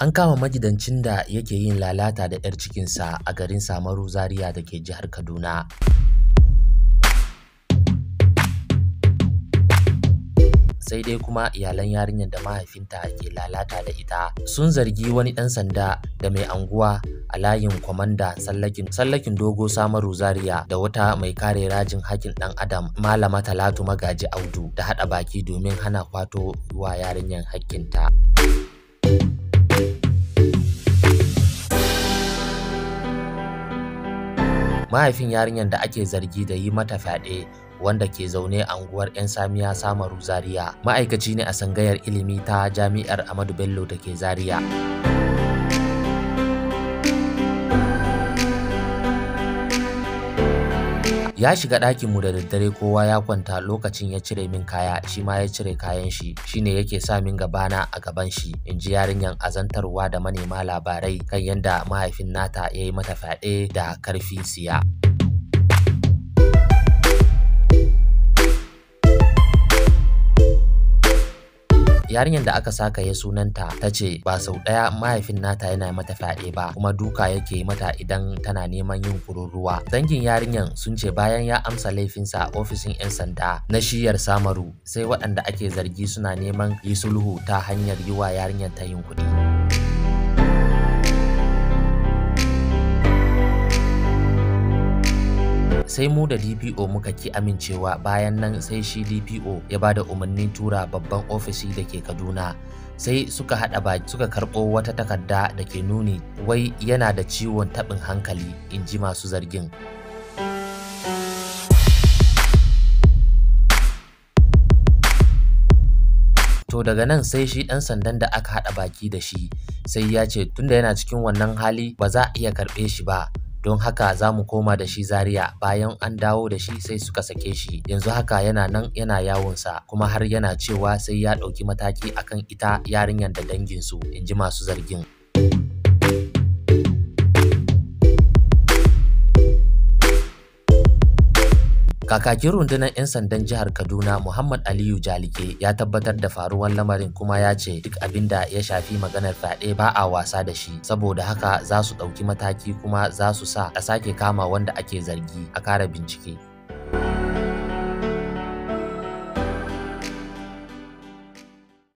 An kama majidancin da yake yin lalata da 'yar cikinsa a garin Samaru Zaria da ke jihar Kaduna. sai dai kuma iyalan yarinyar da mahaifinta ke lalata da ita sun zargi wani ɗan sanda da mai anguwa a layin kwamanda sallakin dogo samaru zaria da wata mai kare rajin hakin ɗan adam malama talatu magaji audu da haɗa baki domin hana kwato wa yarinyar hakkinta. mahaifin yarinyar da ake zargi da yi mata fyaɗe wanda ke zaune a unguwar 'yan samiya samaru zaria ma'aikaci ne a sangayar ilimi ta jami'ar Ahmadu bello da ke zaria ya shiga ɗakin mu da daddare kowa ya kwanta lokacin ya cire min kaya shi ma ya cire kayan shi shine yake sa min gabana a gaban shi in ji yarinyan azantarwa da manema labarai kan yadda mahaifin nata ya yi mata fyaɗe da karfi siya. yarinyar da aka saka ya sunanta ta ce ba sau ɗaya mahaifin nata yana mata fyaɗe ba kuma duka yake mata idan tana neman yin kururuwa dangin yarinyar sun ce bayan ya amsa laifinsa a ofishin 'yan sanda na shiyar samaru sai waɗanda ake zargi suna neman yi sulhu ta hanyar yi wa yarinyar ta yin kuɗi. sai mu da DPO muka ki amincewa bayan nan sai shi DPO ya ba da umarnin tura babban ofishi da ke Kaduna sai suka haɗa baki suka karɓo wata takarda da ke nuni wai yana da ciwon taɓin hankali in ji masu zargin to daga nan sai shi ɗan sandan da aka haɗa baki da shi sai ya ce tunda yana cikin wannan hali ba za a iya karɓe shi ba don haka za mu koma da shi zaria bayan an dawo da shi sai suka sake shi yanzu haka yana nan yana yawonsa kuma har yana cewa sai ya ɗauki mataki akan ita yarinyar da danginsu in ji masu zargin Kakakin rundunar 'yan sandan jihar Kaduna Muhammad Aliyu Jalike ya tabbatar da faruwar lamarin kuma ya ce duk abin da ya shafi maganar fyaɗe ba a wasa da shi saboda haka za su ɗauki mataki kuma za su sa a sake kama wanda ake zargi a kara bincike.